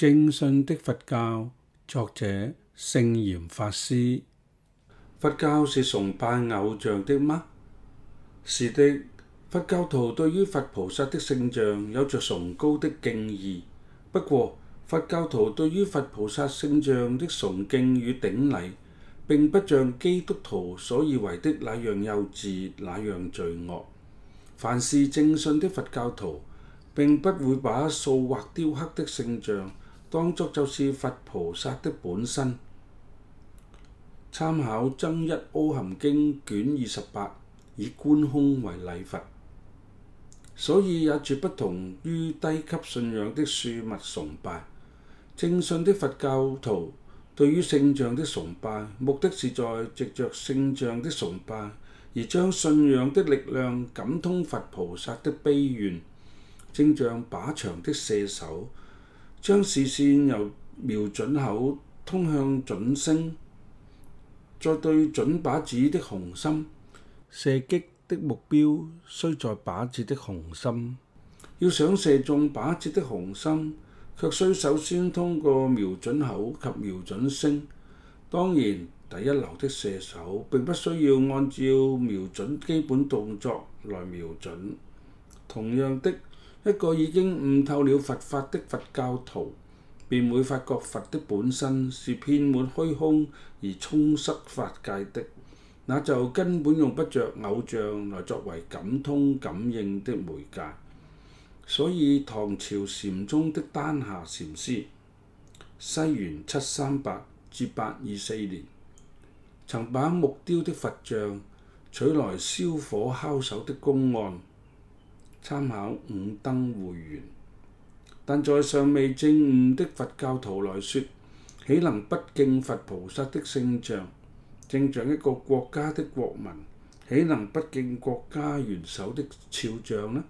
正信的佛教，作者聖嚴法師。佛教是崇拜偶像的嗎？是的，佛教徒對於佛菩薩的聖像有着崇高的敬意。不過，佛教徒對於佛菩薩聖像的崇敬與頂禮，並不像基督徒所以為的那樣幼稚，那樣罪惡。凡是正信的佛教徒，並不會把塑或雕刻的聖像，當作就是佛菩薩的本身，參考《增一阿含經》卷二十八，以觀空為禮佛，所以也絕不同於低級信仰的庶物崇拜。正信的佛教徒對於聖像的崇拜，目的是在藉着聖像的崇拜而將信仰的力量感通佛菩薩的悲願，正像靶場的射手。將視線由瞄準口通向準星，再對準靶子的紅心。射擊的目標須在靶子的紅心。要想射中靶子的紅心，卻須首先通過瞄準口及瞄準星。當然，第一流的射手並不需要按照瞄準基本動作來瞄準。同樣的。一個已經悟透了佛法的佛教徒，便會發覺佛的本身是遍滿虛空而充塞法界的，那就根本用不着偶像來作為感通感應的媒介。所以唐朝禪宗的丹霞禪師，西元七三八至八二四年，曾把木雕的佛像取來燒火烤手的公案。參考五燈會元，但在尚未正悟的佛教徒來說，豈能不敬佛菩薩的聖像？正像一個國家的國民，豈能不敬國家元首的肖像呢？